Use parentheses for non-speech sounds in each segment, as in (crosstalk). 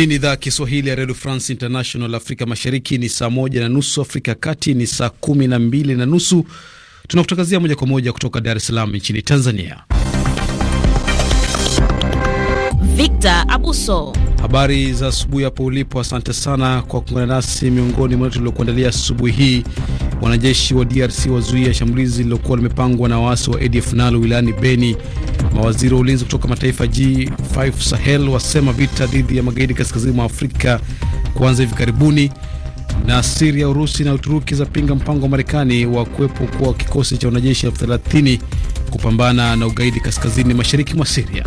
Hii ni idhaa ya Kiswahili ya redio France International. Afrika mashariki ni saa moja na nusu, Afrika ya kati ni saa kumi na mbili na nusu. Tunakutangazia moja kwa moja kutoka Dar es Salaam nchini Tanzania. Victor Abuso, habari za asubuhi hapo ulipo. Asante sana kwa kuungana nasi. Miongoni mwa tuliokuandalia asubuhi hii, wanajeshi wa DRC wazuia shambulizi lililokuwa limepangwa na waasi wa ADF nalo wilayani Beni. Mawaziri wa ulinzi kutoka mataifa G5 Sahel wasema vita dhidi ya magaidi kaskazini mwa Afrika kuanza hivi karibuni. Na Siria, Urusi na Uturuki zapinga mpango wa Marekani wa kuwepo kwa kikosi cha wanajeshi elfu thelathini kupambana na ugaidi kaskazini mashariki mwa Siria.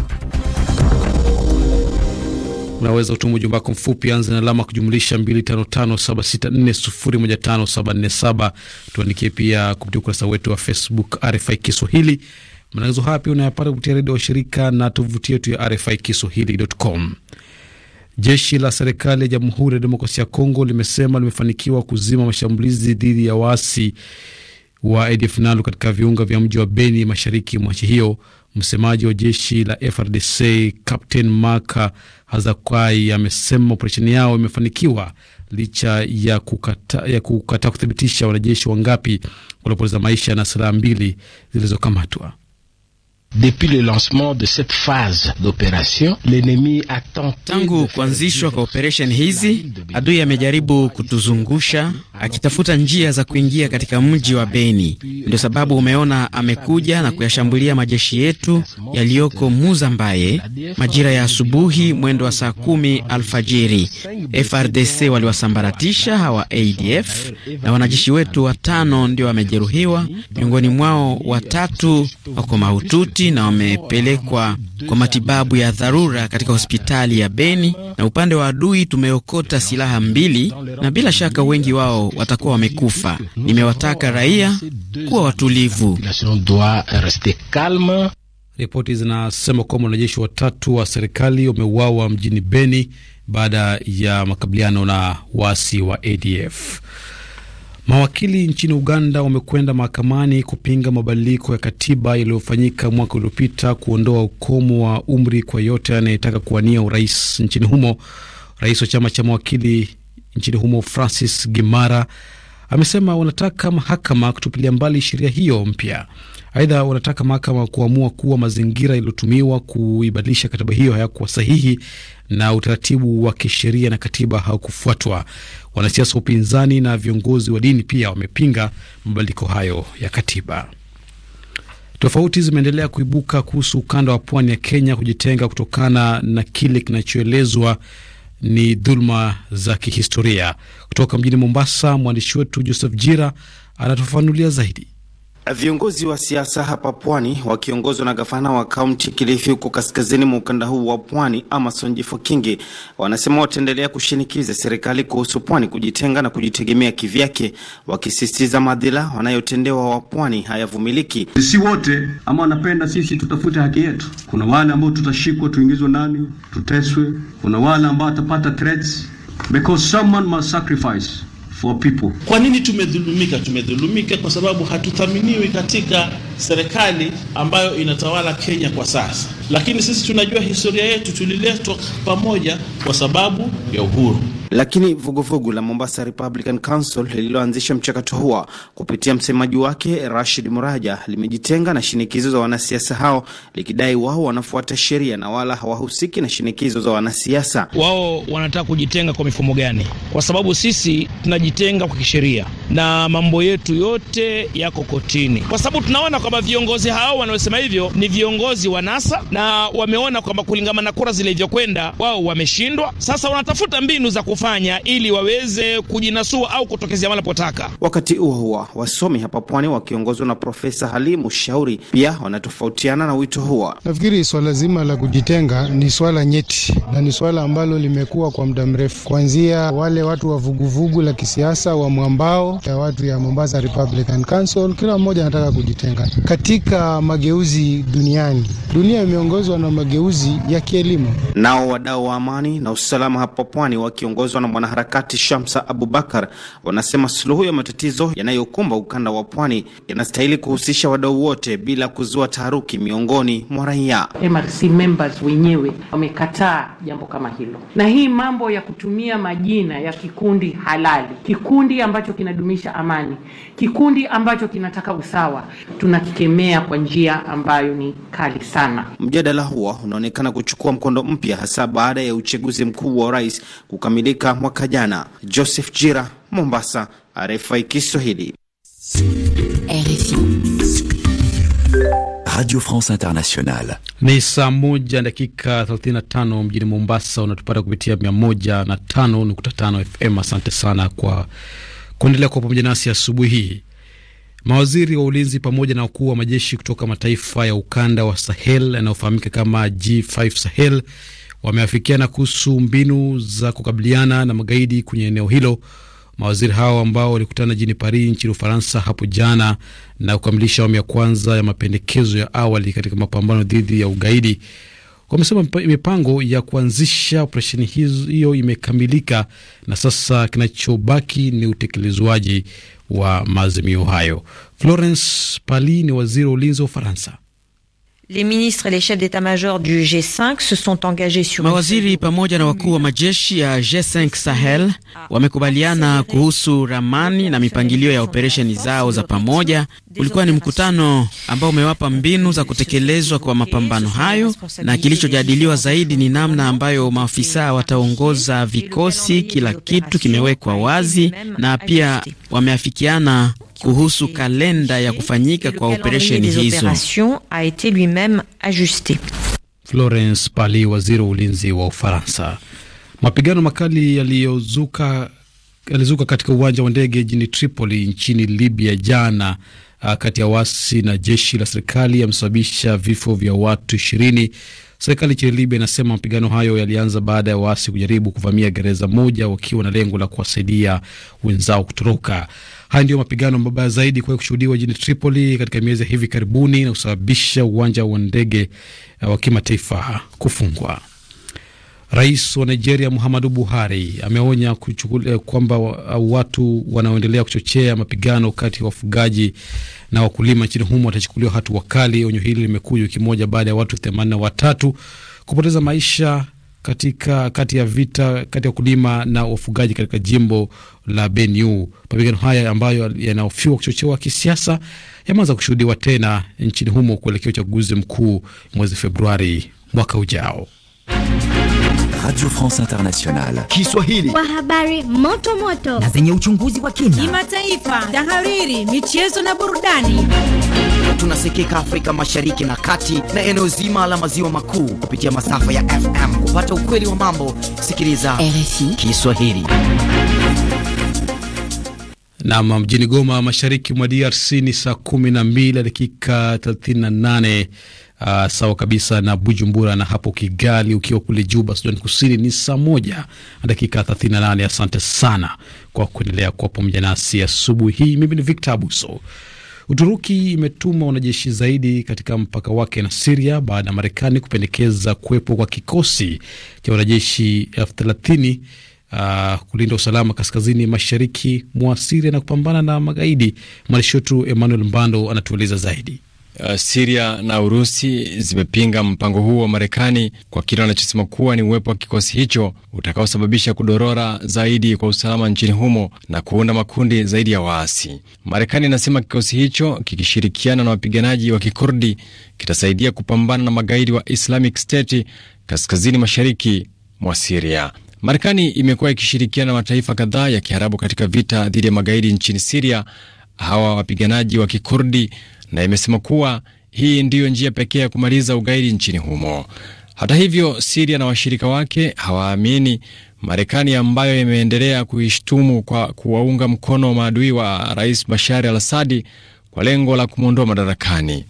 Unaweza kutuma ujumbe wako mfupi, anza na alama kujumlisha 255764015747. Tuandikie pia kupitia ukurasa wetu wa Facebook RFI Kiswahili. Matangazo haya pia unayapata kupitia redio shirika na tovuti yetu ya RFI Kiswahili.com. Jeshi la serikali ya Jamhuri ya Demokrasia ya Kongo limesema limefanikiwa kuzima mashambulizi dhidi ya waasi wa ADF nalo katika viunga vya mji wa Beni, mashariki mwa nchi hiyo. Msemaji wa jeshi la FRDC Captain Maka Hazakwai amesema operesheni yao imefanikiwa licha ya kukataa ya kukata kuthibitisha wanajeshi wangapi waliopoteza maisha na silaha mbili zilizokamatwa. Depuis le lancement de cette phase d'opération, l'ennemi a tenté. Tangu kuanzishwa kwa operesheni hizi, adui amejaribu kutuzungusha akitafuta njia za kuingia katika mji wa Beni. Ndio sababu umeona amekuja na kuyashambulia majeshi yetu yaliyoko Muzambaye majira ya asubuhi mwendo wa saa kumi alfajiri. FRDC waliwasambaratisha hawa ADF na wanajeshi wetu watano ndio wamejeruhiwa, miongoni mwao watatu wako mahututi majeruhi na wamepelekwa kwa matibabu ya dharura katika hospitali ya Beni, na upande wa adui tumeokota silaha mbili, na bila shaka wengi wao watakuwa wamekufa. Nimewataka raia kuwa watulivu. Ripoti zinasema kwamba wanajeshi watatu wa serikali wameuawa mjini Beni baada ya makabiliano na waasi wa ADF. Mawakili nchini Uganda wamekwenda mahakamani kupinga mabadiliko ya katiba yaliyofanyika mwaka uliopita kuondoa ukomo wa umri kwa yote anayetaka kuwania urais nchini humo. Rais wa chama cha mawakili nchini humo Francis Gimara amesema wanataka mahakama kutupilia mbali sheria hiyo mpya. Aidha, wanataka mahakama kuamua kuwa mazingira yaliyotumiwa kuibadilisha katiba hiyo hayakuwa sahihi na utaratibu wa kisheria na katiba haukufuatwa. Wanasiasa wa upinzani na viongozi wa dini pia wamepinga mabadiliko hayo ya katiba. Tofauti zimeendelea kuibuka kuhusu ukanda wa pwani ya Kenya kujitenga kutokana na kile kinachoelezwa ni dhuluma za kihistoria. Kutoka mjini Mombasa, mwandishi wetu Joseph Jira anatufafanulia zaidi. Viongozi wa siasa hapa Pwani wakiongozwa na gavana wa kaunti Kilifi huko kaskazini mwa ukanda huu wa Pwani, Amason Kingi, wanasema wataendelea kushinikiza serikali kuhusu Pwani kujitenga na kujitegemea kivyake, wakisisitiza madhila wanayotendewa wa Pwani hayavumiliki. Sisi wote ama wanapenda sisi tutafute haki yetu. Kuna wale ambao tutashikwa, tuingizwe ndani, tuteswe. Kuna wale ambao watapata threats because someone must sacrifice for people. Kwa nini tumedhulumika? Tumedhulumika kwa sababu hatuthaminiwi katika serikali ambayo inatawala Kenya kwa sasa, lakini sisi tunajua historia yetu, tuliletwa pamoja kwa sababu ya uhuru. Lakini vuguvugu vugu la Mombasa Republican Council lililoanzisha mchakato huo kupitia msemaji wake Rashid Muraja limejitenga na shinikizo za wanasiasa hao likidai wao wanafuata sheria na wala hawahusiki na shinikizo za wanasiasa. Wao wanataka kujitenga kwa mifumo gani? Kwa sababu sisi tunajitenga kwa kisheria na mambo yetu yote yako kotini, kwa sababu tunaona kwamba viongozi hao wanaosema hivyo ni viongozi wa NASA na wameona kwamba kulingana na kura zilivyokwenda wao wameshindwa. Sasa wanatafuta mbinu za kufa kufanya ili waweze kujinasua au kutokezea wanapotaka. Wakati huo huo, wasomi hapa pwani wakiongozwa na Profesa Halimu Shauri pia wanatofautiana na wito huo. Nafikiri swala zima la kujitenga ni swala nyeti na ni swala ambalo limekuwa kwa muda mrefu, kuanzia wale watu wa vuguvugu la kisiasa wa mwambao ya watu ya Mombasa Republican Council, kila mmoja anataka kujitenga katika mageuzi duniani. Dunia imeongozwa na mageuzi ya kielimu. Nao wadau wa amani na usalama hapa pwani wakiongozwa wakiongozwa na mwanaharakati Shamsa Abubakar wanasema suluhu ya matatizo yanayokumba ukanda wa pwani yanastahili kuhusisha wadau wote bila kuzua taharuki miongoni mwa raia. MRC members wenyewe wamekataa jambo kama hilo, na hii mambo ya kutumia majina ya kikundi halali, kikundi ambacho kinadumisha amani, kikundi ambacho kinataka usawa, tunakikemea kwa njia ambayo ni kali sana. Mjadala huo unaonekana kuchukua mkondo mpya hasa baada ya uchaguzi mkuu wa rais kukamilika Afrika mwaka jana. Joseph Jira, Mombasa, RFI Kiswahili. Radio France Internationale. Ni saa moja dakika 35 mjini Mombasa, unatupata kupitia 105.5 FM. Asante sana kwa kuendelea kwa pamoja nasi asubuhi hii. Mawaziri wa ulinzi pamoja na wakuu wa majeshi kutoka mataifa ya ukanda wa Sahel yanayofahamika kama G5 Sahel wameafikiana kuhusu mbinu za kukabiliana na magaidi kwenye eneo hilo. Mawaziri hao ambao walikutana jini Paris nchini Ufaransa hapo jana na kukamilisha awamu ya kwanza ya mapendekezo ya awali katika mapambano dhidi ya ugaidi wamesema mipango ya kuanzisha operesheni hiyo imekamilika na sasa kinachobaki ni utekelezwaji wa maazimio hayo. Florence Pali ni waziri wa ulinzi wa Ufaransa. Les ministres et les chefs d'état-major du G5 se sont engagés sur Mawaziri pamoja na wakuu wa majeshi ya G5 Sahel wamekubaliana ah, kuhusu ramani na mipangilio ya operesheni zao za pamoja. Ulikuwa ni mkutano ambao umewapa mbinu za kutekelezwa kwa mapambano hayo, na kilichojadiliwa zaidi ni namna ambayo maafisa wataongoza vikosi. Kila kitu kimewekwa wazi, na pia wameafikiana kuhusu kalenda ya kufanyika kwa operesheni hizo. Florence Pali, waziri wa ulinzi wa Ufaransa. Mapigano makali yaliyozuka yalizuka katika uwanja wa ndege jijini Tripoli nchini Libya jana ah, kati ya waasi na jeshi la serikali yamesababisha vifo vya watu ishirini. Serikali nchini Libya inasema mapigano hayo yalianza baada ya waasi kujaribu kuvamia gereza moja wakiwa na lengo la kuwasaidia wenzao kutoroka. Haya ndiyo mapigano mabaya zaidi kuwahi kushuhudiwa jijini Tripoli katika miezi ya hivi karibuni na kusababisha uwanja wa ndege eh, wa kimataifa kufungwa. Rais wa Nigeria Muhammadu Buhari ameonya eh, kwamba eh, watu wanaoendelea kuchochea mapigano kati ya wafugaji na wakulima nchini humo watachukuliwa hatua kali. Onyo hili limekuja wiki moja baada ya watu themanini na watatu kupoteza maisha katika kati ya vita kati ya wakulima na wafugaji katika jimbo la Benue. Mapigano haya ambayo yanahofiwa kuchochewa kisiasa yameanza kushuhudiwa tena nchini humo kuelekea uchaguzi mkuu mwezi Februari mwaka ujao. Radio France Internationale Kiswahili kwa habari moto moto na zenye uchunguzi wa kina, kimataifa, tahariri, michezo na burudani. Tunasikika Afrika Mashariki na Kati na eneo zima la maziwa makuu kupitia masafa ya FM. Kupata ukweli wa mambo, sikiliza RFI Kiswahili. Na mjini Goma, mashariki mwa DRC ni saa 12 dakika 38 uh, sawa kabisa na Bujumbura na hapo Kigali. Ukiwa kule Juba, Sudan Kusini, ni saa moja na dakika 38. Asante sana kwa kuendelea kuwa pamoja nasi asubuhi hii. Mimi ni Victor Abuso. Uturuki imetuma wanajeshi zaidi katika mpaka wake na Siria baada ya Marekani kupendekeza kuwepo kwa kikosi cha wanajeshi elfu thelathini uh, kulinda usalama kaskazini mashariki mwa Siria na kupambana na magaidi. Mwandishi wetu Emmanuel Mbando anatueleza zaidi uh, Siria na Urusi zimepinga mpango huo wa Marekani kwa kile wanachosema kuwa ni uwepo wa kikosi hicho utakaosababisha kudorora zaidi kwa usalama nchini humo na kuunda makundi zaidi ya waasi. Marekani inasema kikosi hicho kikishirikiana na wapiganaji wa Kikurdi kitasaidia kupambana na magaidi wa Islamic State kaskazini mashariki mwa Siria. Marekani imekuwa ikishirikiana na mataifa kadhaa ya Kiarabu katika vita dhidi ya magaidi nchini Siria. Hawa wapiganaji wa Kikurdi na imesema kuwa hii ndiyo njia pekee ya kumaliza ugaidi nchini humo. Hata hivyo, Siria na washirika wake hawaamini Marekani ambayo imeendelea kuishtumu kwa kuwaunga mkono maadui wa Rais Bashar al Assadi kwa lengo la kumwondoa madarakani.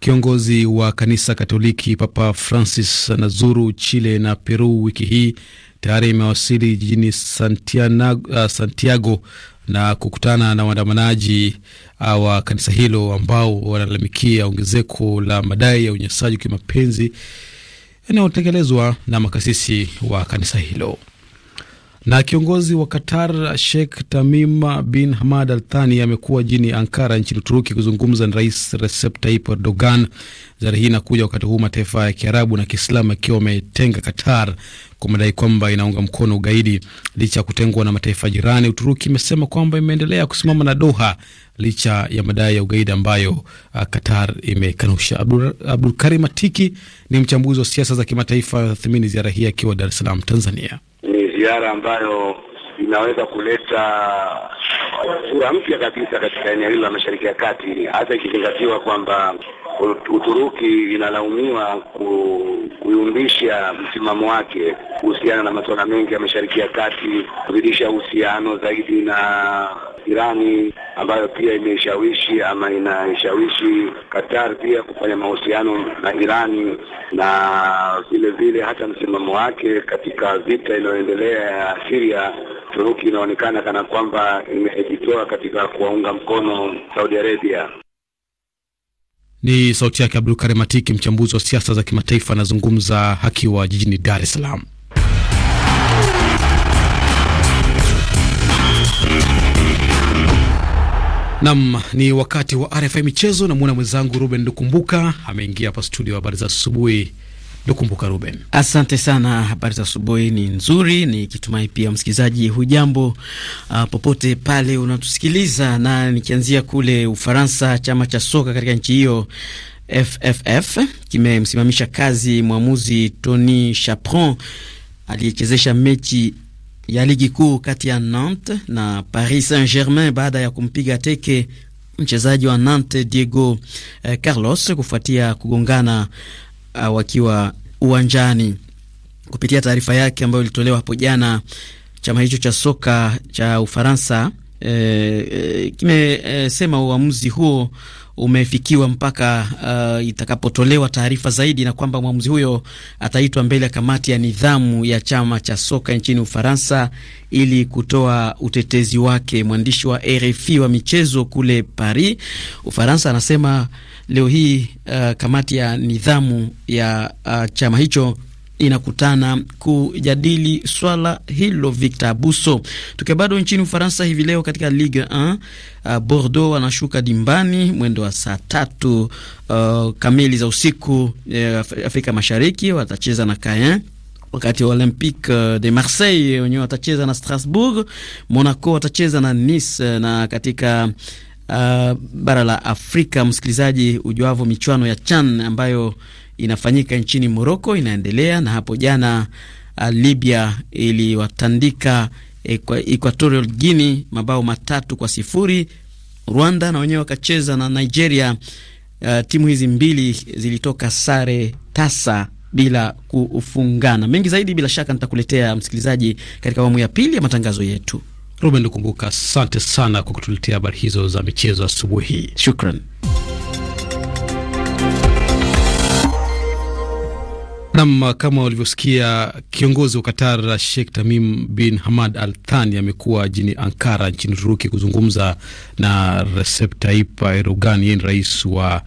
Kiongozi wa kanisa Katoliki Papa Francis anazuru Chile na Peru wiki hii. Tayari imewasili jijini Santiago, uh, Santiago na kukutana na waandamanaji ah, wa kanisa hilo ambao wanalalamikia ongezeko la madai ya unyanyasaji wa kimapenzi yanayotekelezwa na makasisi wa kanisa hilo. Na kiongozi wa Qatar Sheikh Tamim bin Hamad Al Thani amekuwa jini Ankara nchini Uturuki kuzungumza na Rais Recep Tayyip Erdogan. Ziara hii inakuja wakati huu mataifa ya Kiarabu na Kiislamu yakiwa ametenga Qatar kwa madai kwamba inaunga mkono ugaidi. Licha ya kutengwa na mataifa jirani, Uturuki imesema kwamba imeendelea kusimama na Doha licha ya madai ya ugaidi ambayo uh, Qatar imekanusha. Abdulkarim Atiki ni mchambuzi wa siasa za kimataifa, tathmini ziara hii akiwa Dar es Salaam, Tanzania ziara ambayo inaweza kuleta sura mpya kabisa katika eneo hilo la Mashariki ya Kati, hasa ikizingatiwa kwamba Uturuki inalaumiwa kuyumbisha msimamo wake kuhusiana na masuala mengi ya Mashariki ya Kati, kuzidisha uhusiano zaidi na Irani ambayo pia imeshawishi ama inaishawishi Qatar pia kufanya mahusiano na Irani na vile vile hata msimamo wake katika vita inayoendelea ya Syria. Turuki inaonekana kana kwamba imejitoa katika kuwaunga mkono Saudi Arabia. Ni sauti yake Abdul Karim Atiki, mchambuzi wa siasa za kimataifa, anazungumza akiwa jijini Dar es Salaam. Nam, ni wakati wa RFI michezo. Namwona mwenzangu Ruben Lukumbuka ameingia hapa studio habari za asubuhi. Lukumbuka Ruben. Asante sana, habari za asubuhi ni nzuri, nikitumai pia msikilizaji hujambo, uh, popote pale unatusikiliza. Na nikianzia kule Ufaransa, chama cha soka katika nchi hiyo FFF kimemsimamisha kazi mwamuzi Tony Chapron aliyechezesha mechi ya ligi kuu kati ya Nantes na Paris Saint-Germain baada ya kumpiga teke mchezaji wa Nantes Diego eh, Carlos kufuatia kugongana uh, wakiwa uwanjani. Kupitia taarifa yake ambayo ilitolewa hapo jana, chama hicho cha soka cha Ufaransa eh, eh, kimesema eh, uamuzi huo umefikiwa mpaka uh, itakapotolewa taarifa zaidi, na kwamba mwamuzi huyo ataitwa mbele ya kamati ya nidhamu ya chama cha soka nchini Ufaransa ili kutoa utetezi wake. Mwandishi wa RFI wa michezo kule Paris, Ufaransa, anasema leo hii uh, kamati ya nidhamu ya uh, chama hicho inakutana kujadili swala hilo. Victor Abuso. Tukiwa bado nchini Ufaransa hivi leo katika Ligue 1 uh, Bordeaux wanashuka dimbani mwendo wa saa tatu uh, kamili za usiku uh, Afrika Mashariki watacheza na Caen wakati wa Olympique uh, de Marseille wenyewe watacheza na Strasbourg, Monaco watacheza na Nice eh, na katika uh, bara la Afrika, msikilizaji, ujuavo michuano ya CHAN ambayo inafanyika nchini Moroko inaendelea, na hapo jana uh, Libya iliwatandika eh, Equatorial Guinea mabao matatu kwa sifuri. Rwanda na wenyewe wakacheza na Nigeria. Uh, timu hizi mbili zilitoka sare tasa bila kufungana. Mengi zaidi bila shaka nitakuletea msikilizaji, katika awamu ya pili ya matangazo yetu. Ruben Lukumbuka, asante sana kwa kutuletea habari hizo za michezo asubuhi. Shukran. Nam, kama ulivyosikia, kiongozi wa Qatar Sheikh Tamim bin Hamad Al Thani amekuwa jini Ankara nchini Uturuki kuzungumza na Recep Tayyip Erdogan, yeye ni rais wa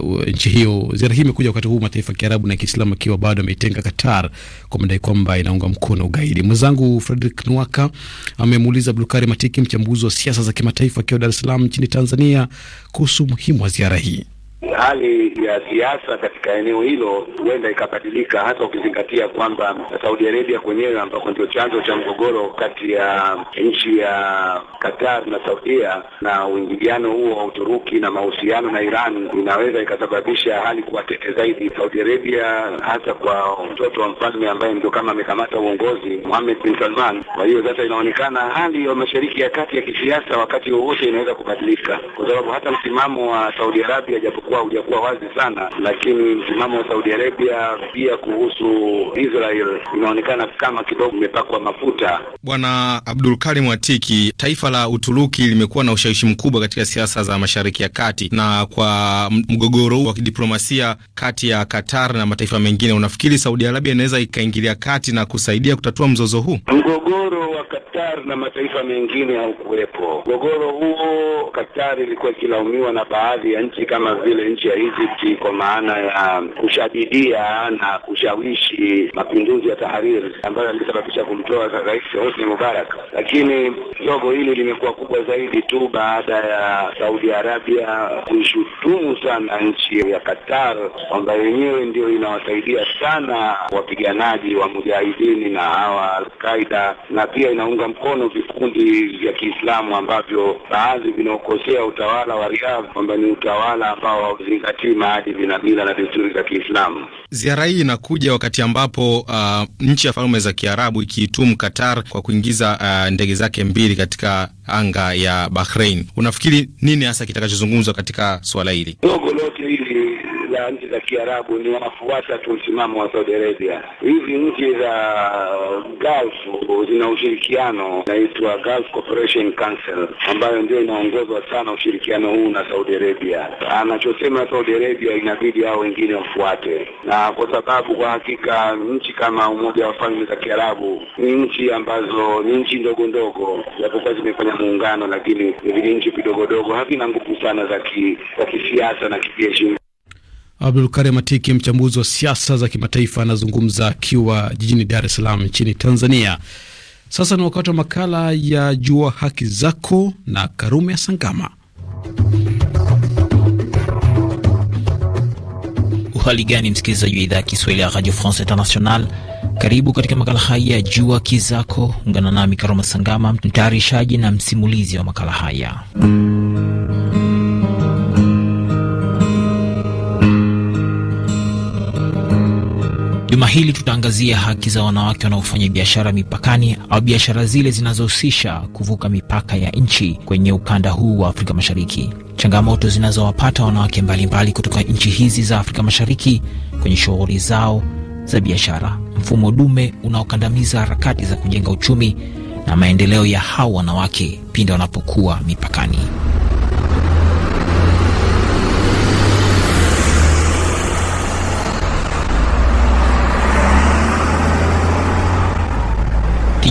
Uh, nchi hiyo. Ziara hii imekuja wakati huu mataifa ya Kiarabu na Kiislamu akiwa bado ameitenga Qatar kwa madai kwamba inaunga mkono ugaidi. Mwenzangu Frederick Nwaka amemuuliza Abdulkari Matiki, mchambuzi wa siasa za kimataifa, akiwa Dar es Salaam nchini Tanzania, kuhusu umuhimu wa ziara hii hali ya siasa katika eneo hilo huenda ikabadilika, hasa ukizingatia kwamba Saudi Arabia kwenyewe ambako ndio chanzo cha mgogoro kati ya nchi ya Qatar na Saudia, na uingiliano huo wa Uturuki na mahusiano na Iran inaweza ikasababisha hali kuwa tete zaidi. Saudi Arabia hasa kwa mtoto wa mfalme ambaye ndio kama amekamata uongozi Mohammed bin Salman. Kwa hiyo sasa inaonekana hali ya Mashariki ya Kati ya kisiasa wakati wowote inaweza kubadilika, kwa sababu hata msimamo wa Saudi Arabia japo ulikuwa hujakuwa wazi sana, lakini msimamo wa Saudi Arabia pia kuhusu Israel inaonekana kama kidogo imepakwa mafuta. Bwana Abdul Karim Watiki, taifa la Uturuki limekuwa na ushawishi mkubwa katika siasa za Mashariki ya Kati, na kwa mgogoro wa kidiplomasia kati ya Qatar na mataifa mengine, unafikiri Saudi Arabia inaweza ikaingilia kati na kusaidia kutatua mzozo huu mgogoro wa Qatar na mataifa mengine haukuwepo. Mgogoro huo, Qatar ilikuwa ikilaumiwa na baadhi ya nchi kama vile nchi ya Egypt kwa maana ya kushadidia na kushawishi mapinduzi ya Tahrir ambayo yalisababisha kumtoa Rais Hosni Mubarak, lakini zogo hili limekuwa kubwa zaidi tu baada ya Saudi Arabia kuishutumu sana nchi ya Qatar kwamba yenyewe ndio inawasaidia sana wapiganaji wa mujahidini na hawa Al-Qaeda na pia inaunga mkono vikundi vya Kiislamu ambavyo baadhi vinaokosea utawala wa Riyadh kwamba ni utawala ambao hauzingatii maadili na mila na desturi za Kiislamu. Ziara hii inakuja wakati ambapo uh, nchi ya Falme za Kiarabu ikiitumu Qatar kwa kuingiza uh, ndege zake mbili katika anga ya Bahrain. Unafikiri nini hasa kitakachozungumzwa katika swala hili dogo lote katika nchi za Kiarabu ni wanafuata tu msimamo wa Saudi Arabia. Hizi nchi za uh, Gulf zina ushirikiano naitwa Gulf Cooperation Council, ambayo ndio inaongozwa sana ushirikiano huu na Saudi Arabia. Anachosema Saudi Arabia inabidi hao wengine wafuate, na kwa sababu kwa hakika nchi kama Umoja wa Falme za Kiarabu ni nchi ambazo ni nchi ndogo ndogo, japokuwa zimefanya muungano, lakini ni vile nchi vidogodogo havina nguvu sana za kisiasa na kijeshi. Abdulkarim Atiki, mchambuzi wa siasa za kimataifa, anazungumza akiwa jijini Dar es Salaam nchini Tanzania. Sasa ni wakati wa makala ya Jua Haki Zako na Karume ya Sangama. Uhali gani, msikilizaji wa idhaa ya Kiswahili ya Radio France International. Karibu katika makala haya ya Jua Haki Zako. Ungana nami Karume Sangama, mtayarishaji na msimulizi wa makala haya. Juma hili tutaangazia haki za wanawake wanaofanya biashara mipakani au biashara zile zinazohusisha kuvuka mipaka ya nchi kwenye ukanda huu wa Afrika Mashariki, changamoto zinazowapata wanawake mbalimbali kutoka nchi hizi za Afrika Mashariki kwenye shughuli zao za biashara, mfumo dume unaokandamiza harakati za kujenga uchumi na maendeleo ya hao wanawake pindi wanapokuwa mipakani.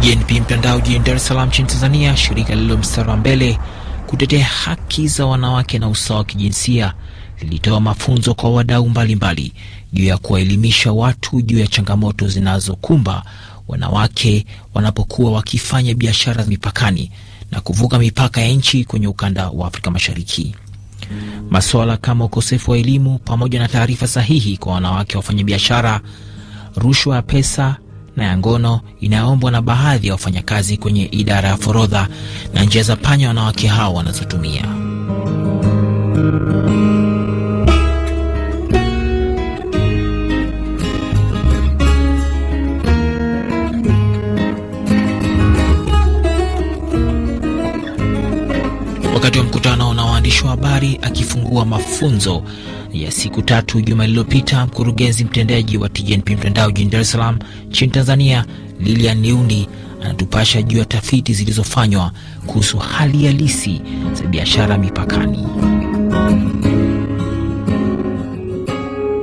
TJNP mtandao jijini Dar es Salaam nchini Tanzania, shirika lililo mstari wa mbele kutetea haki za wanawake na usawa wa kijinsia lilitoa mafunzo kwa wadau mbalimbali juu ya kuwaelimisha watu juu ya changamoto zinazokumba wanawake wanapokuwa wakifanya biashara mipakani na kuvuka mipaka ya nchi kwenye ukanda wa Afrika Mashariki. Masuala kama ukosefu wa elimu pamoja na taarifa sahihi kwa wanawake wafanyabiashara, rushwa ya pesa na ya ngono inayoombwa na baadhi ya wafanyakazi kwenye idara ya forodha na njia za panya wanawake hao wanazotumia. wakati wa mkutano na waandishi wa habari akifungua mafunzo ya siku tatu juma lililopita. Mkurugenzi mtendaji wa TGNP mtandao jijini Dar es Salaam nchini Tanzania, Lilian niundi anatupasha juu ya tafiti zilizofanywa kuhusu hali halisi za biashara mipakani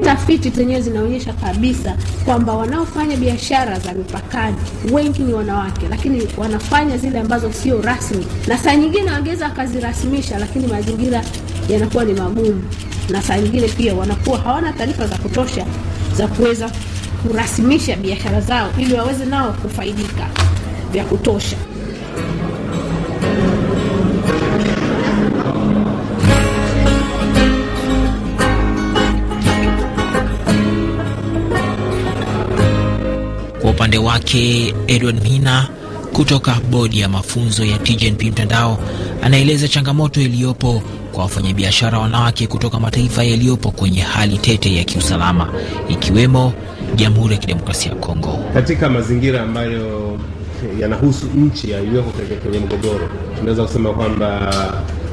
tafiti zenyewe zinaonyesha kabisa kwamba wanaofanya biashara za mipakani wengi ni wanawake, lakini wanafanya zile ambazo sio rasmi, na saa nyingine wangeweza wakazirasimisha, lakini mazingira yanakuwa ni magumu, na saa nyingine pia wanakuwa hawana taarifa za kutosha za kuweza kurasimisha biashara zao ili waweze nao kufaidika vya kutosha. upande wake Edward Mhina kutoka bodi ya mafunzo ya TGNP mtandao anaeleza changamoto iliyopo kwa wafanyabiashara wanawake kutoka mataifa yaliyopo kwenye hali tete ya kiusalama ikiwemo Jamhuri ya Kidemokrasia ya Kongo, katika mazingira ambayo yanahusu nchi iliyoko kwenye mgogoro. Tunaweza kusema kwamba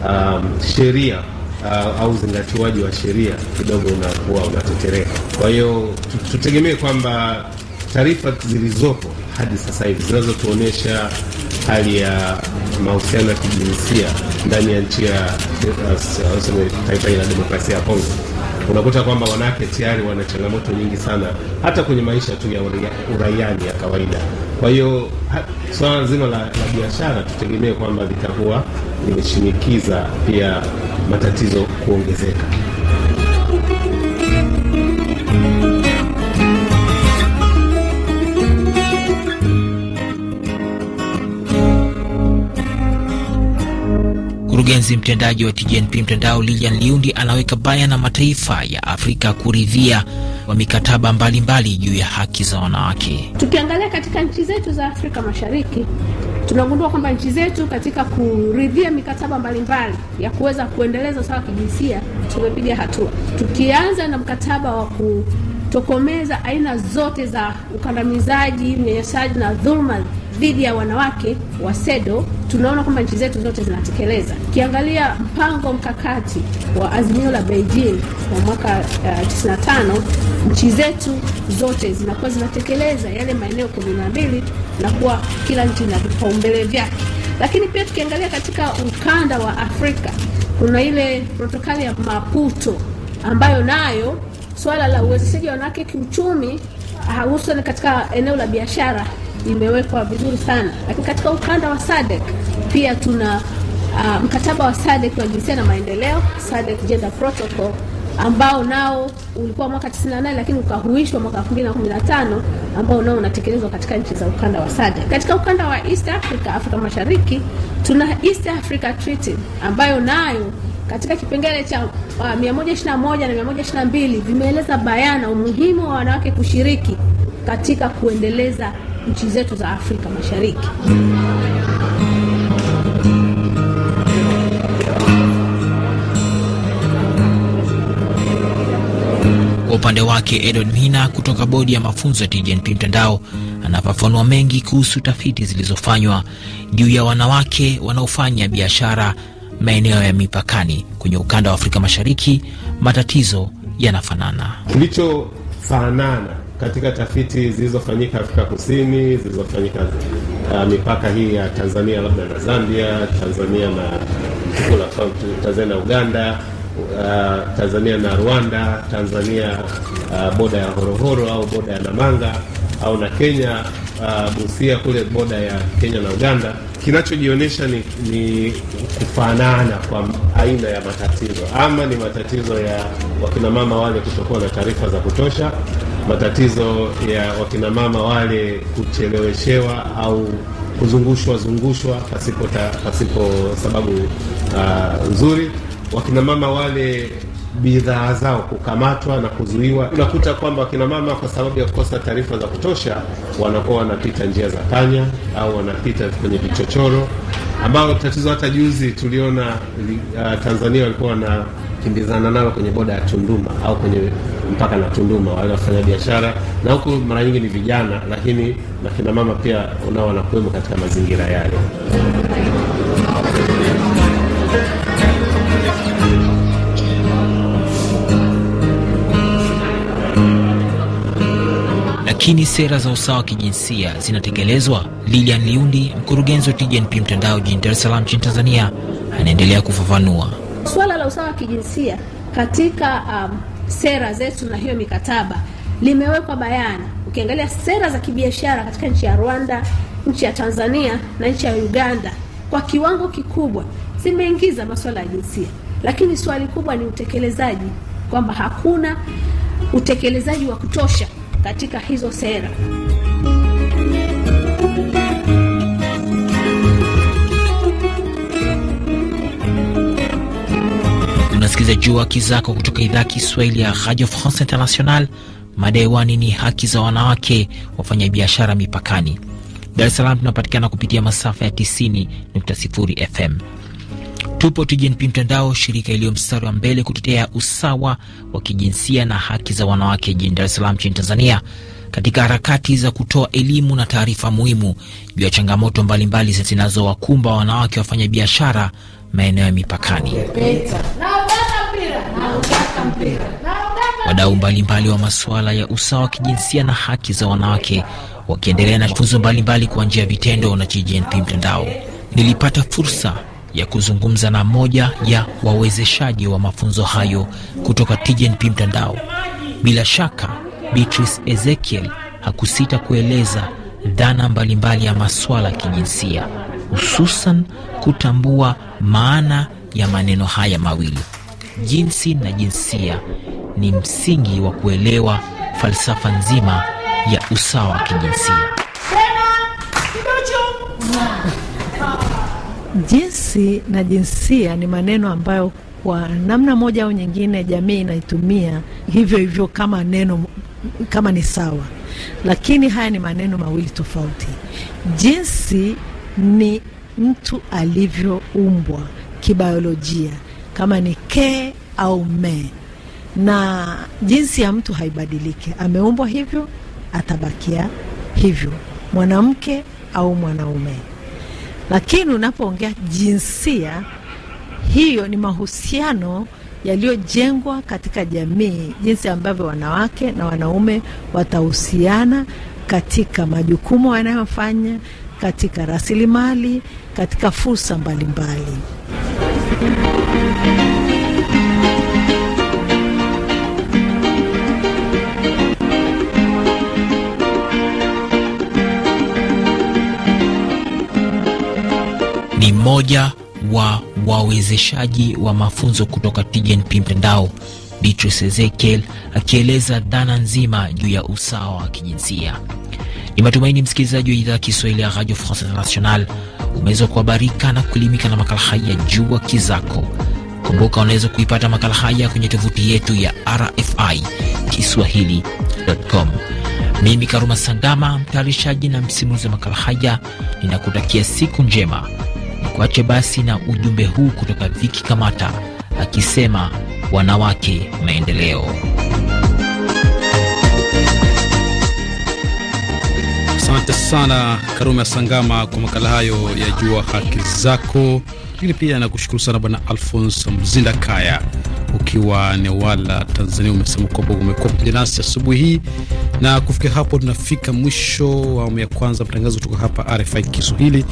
um, sheria uh, au uzingatiwaji wa sheria kidogo unakuwa unatetereka. Kwa hiyo tutegemee kwamba taarifa zilizopo hadi sasa hivi zinazotuonyesha hali ya mahusiano ya kijinsia ndani ya nchi ya taifa hili la demokrasia ya Kongo, unakuta kwamba wanawake tayari wana changamoto nyingi sana, hata kwenye maisha tu ya uraiani ya kawaida. Kwa hiyo swala zima la, la biashara tutegemee kwamba litakuwa limeshinikiza pia matatizo kuongezeka. Mkurugenzi mtendaji wa TGNP mtandao Lilian Liundi anaweka bayana mataifa ya Afrika kuridhia wa mikataba mbalimbali juu ya haki za wanawake. Tukiangalia katika nchi zetu za Afrika Mashariki, tunagundua kwamba nchi zetu katika kuridhia mikataba mbalimbali ya kuweza kuendeleza usawa wa kijinsia tumepiga hatua, tukianza na mkataba wa kutokomeza aina zote za ukandamizaji, unyanyasaji na dhuluma dhidi ya wanawake wa SEDO tunaona kwamba nchi zetu zote zinatekeleza. Ukiangalia mpango mkakati wa azimio la Beijing wa mwaka uh, 95 nchi zetu zote zinakuwa zinatekeleza yale maeneo kumi na mbili na kuwa kila nchi na vipaumbele vyake. Lakini pia tukiangalia katika ukanda wa Afrika kuna ile protokali ya Maputo ambayo nayo swala la uwezeshaji wa wanawake kiuchumi hususan katika eneo la biashara imewekwa vizuri sana, lakini katika ukanda wa SADC pia tuna uh, mkataba wa SADC wa jinsia na maendeleo, SADC Gender Protocol ambao nao ulikuwa mwaka 98 lakini ukahuishwa mwaka 2015 ambao nao unatekelezwa katika nchi za ukanda wa SADC. Katika ukanda wa East Africa, Afrika Mashariki, tuna East Africa Treaty ambayo nayo katika kipengele cha uh, 121 na 122 vimeeleza bayana umuhimu wa wanawake kushiriki katika kuendeleza nchi zetu za Afrika Mashariki. Kwa upande wake Edward Mhina kutoka bodi ya mafunzo ya TGNP mtandao anafafanua mengi kuhusu tafiti zilizofanywa juu ya wanawake wanaofanya biashara maeneo ya mipakani kwenye ukanda wa Afrika Mashariki. Matatizo yanafanana, kilichofanana katika tafiti zilizofanyika Afrika Kusini, zilizofanyika uh, mipaka hii ya Tanzania labda na Zambia, Tanzania na tukula, Tanzania na Uganda uh, Tanzania na Rwanda, Tanzania uh, boda ya Horohoro au boda ya Namanga au na Kenya uh, Busia kule boda ya Kenya na Uganda, kinachojionyesha ni, ni kufanana kwa aina ya matatizo, ama ni matatizo ya wakinamama wale kutokuwa na taarifa za kutosha matatizo ya wakinamama wale kucheleweshewa au kuzungushwa zungushwa pasipo, ta, pasipo sababu ah, nzuri. Uh, wakinamama wale bidhaa zao kukamatwa na kuzuiwa. Unakuta kwamba wakinamama kwa sababu ya kukosa taarifa za kutosha wanakuwa wanapita njia za panya au wanapita kwenye vichochoro, ambao tatizo hata juzi tuliona uh, Tanzania walikuwa na kukimbizana nao kwenye boda ya Tunduma au kwenye mpaka na Tunduma, wale wafanya biashara, na huku mara nyingi ni vijana, lakini na kina mama pia unao wanakuwemo katika mazingira yale. Lakini sera za usawa wa kijinsia zinatekelezwa? Lilian Liundi, mkurugenzi wa TGNP mtandao jijini Dar es Salaam nchini Tanzania, anaendelea kufafanua. Swala la usawa wa kijinsia katika um, sera zetu na hiyo mikataba limewekwa bayana. Ukiangalia sera za kibiashara katika nchi ya Rwanda, nchi ya Tanzania na nchi ya Uganda, kwa kiwango kikubwa zimeingiza masuala ya jinsia, lakini swali kubwa ni utekelezaji, kwamba hakuna utekelezaji wa kutosha katika hizo sera. Unasikiliza Juu Haki Zako kutoka idhaa ya Kiswahili ya Radio France International. Mada hewani ni haki za wanawake wafanyabiashara mipakani. Dar es Salaam tunapatikana kupitia masafa ya 90.0 FM. Tupo TGNP Mtandao, shirika iliyo mstari wa mbele kutetea usawa wa kijinsia na haki za wanawake jijini Dar es Salaam nchini Tanzania, katika harakati za kutoa elimu na taarifa muhimu juu ya changamoto mbalimbali zinazowakumba wanawake wafanya biashara maeneo ya mipakani. Wadau mbalimbali wa masuala ya usawa wa kijinsia na haki za wanawake wakiendelea na funzo mbalimbali kwa njia ya vitendo na CGNP mtandao. Nilipata fursa ya kuzungumza na moja ya wawezeshaji wa mafunzo hayo kutoka TGNP mtandao. Bila shaka, Beatrice Ezekiel hakusita kueleza dhana mbalimbali ya masuala ya kijinsia, hususan kutambua maana ya maneno haya mawili jinsi na jinsia ni msingi wa kuelewa falsafa nzima ya usawa wa kijinsia. (laughs) Jinsi na jinsia ni maneno ambayo kwa namna moja au nyingine jamii inaitumia hivyo hivyo kama neno, kama ni sawa, lakini haya ni maneno mawili tofauti. Jinsi ni mtu alivyoumbwa kibiolojia kama ni ke au me, na jinsi ya mtu haibadiliki. Ameumbwa hivyo, atabakia hivyo, mwanamke au mwanaume. Lakini unapoongea jinsia, hiyo ni mahusiano yaliyojengwa katika jamii, jinsi ambavyo wanawake na wanaume watahusiana katika majukumu wanayofanya, katika rasilimali, katika fursa mbalimbali. mmoja wa wawezeshaji wa mafunzo kutoka TGNP Mtandao, Beatrice Ezekiel, akieleza dhana nzima juu ya usawa wa kijinsia. Ni matumaini msikilizaji wa idhaa ya Kiswahili ya Radio France International umeweza kuhabarika na kuelimika na makala haya jua kizako. Kumbuka, unaweza kuipata makala haya kwenye tovuti yetu ya RFI Kiswahili.com. Mimi Karuma Sangama, mtayarishaji na msimulizi wa makala haya, ninakutakia siku njema. Tukuache basi na ujumbe huu kutoka Viki Kamata akisema wanawake maendeleo. Asante sana Karume ya Sangama kwa makala hayo ya Jua Haki Zako, lakini pia nakushukuru sana Bwana Alfons Mzinda Kaya ukiwa Newala, Tanzania. Umesema kwamba umekuwa pamoja nasi asubuhi hii. Na kufikia hapo tunafika mwisho wa awamu ya kwanza matangazo kutoka hapa RFI Kiswahili.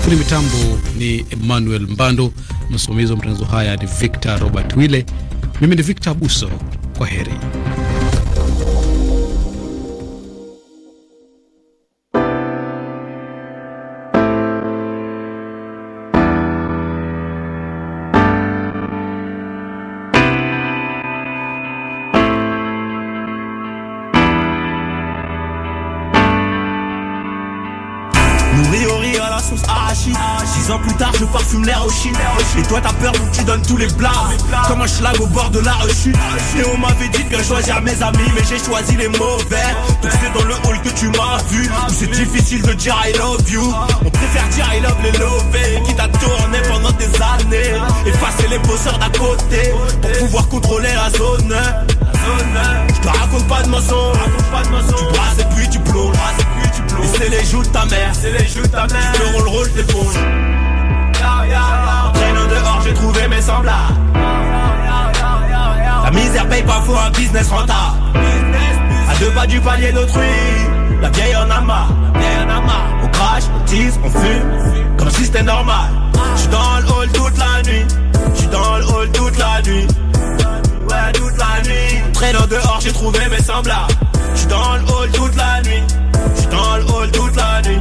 Fundi mitambo ni Emmanuel Mbando, msimamizi wa matangazo haya ni Victor Robert Wile, mimi ni Victor Buso. Kwa heri. Six ans plus tard, je parfume l'air au Chine. Et toi, t'as peur donc tu donnes tous les blagues Comme un schlag au bord de la rechute. Et on m'avait dit de bien choisir mes amis, mais j'ai choisi les mauvais. Donc c'est dans le hall que tu m'as vu. Où c'est difficile de dire I love you. On préfère dire I love les lovés qui t'a tourné pendant des années. Effacer les bosseurs d'à côté pour pouvoir contrôler la zone. Je te raconte pas de mensonges. Tu brasses et puis tu pleures c'est les joues de ta mère, c'est les joues de ta mère. Le rôle rôle dehors, j'ai trouvé mes semblables. La misère paye parfois un business rentable. À deux pas du palier d'autrui, la vieille en a marre. On crache, on tease, on fume, comme si c'était normal. J'suis dans le hall toute la nuit, j'suis dans le hall toute la nuit. Ouais, toute la nuit. Entraînant dehors, j'ai trouvé mes semblables. J'suis dans le hall toute la nuit toute la nuit.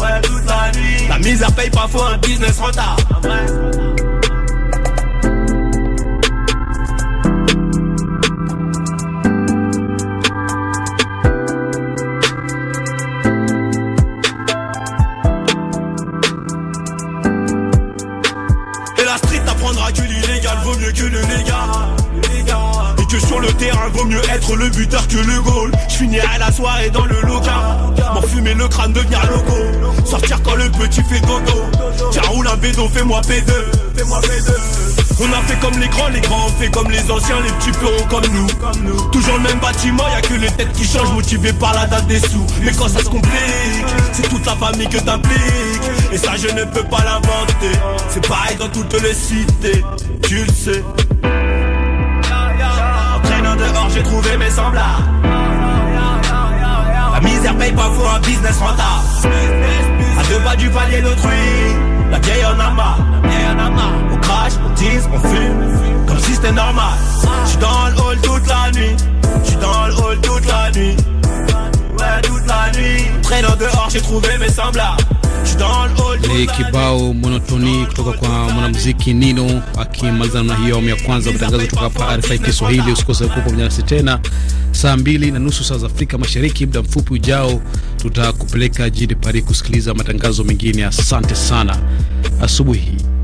Ouais, toute la nuit. La misère paye parfois un business retard. le terrain, vaut mieux être le buteur que le goal. Je à la soirée dans le local. M'enfumer le crâne, devenir loco. Sortir quand le petit fait dodo. Tiens, roule la bédo, fais-moi P2. On a fait comme les grands, les grands ont fait comme les anciens, les petits feront comme nous. Toujours le même bâtiment, y a que les têtes qui changent, Motivés par la date des sous. Mais quand ça se complique, c'est toute la famille que t'impliques. Et ça, je ne peux pas l'inventer. C'est pareil dans toutes les cités, tu le sais dehors, j'ai trouvé mes semblables. La misère paye pas pour un business rentable. A deux pas du palier d'autrui, la vieille en a marre. On crache, on tease, on fume, comme si c'était normal. J'suis dans le hall toute la nuit, j'suis dans le hall toute la nuit. Ouais, toute la nuit. Traînant dehors, j'ai trouvé mes semblables. ni kibao monotoni kutoka kwa mwanamuziki Nino akimaliza namna hiyo awamu ya kwanza. Matangazo kutoka hapa RFI Kiswahili. Usikose kuwa pamoja nasi tena saa mbili na nusu saa za Afrika Mashariki. Muda mfupi ujao, tutakupeleka jijini Paris kusikiliza matangazo mengine. Asante sana, asubuhi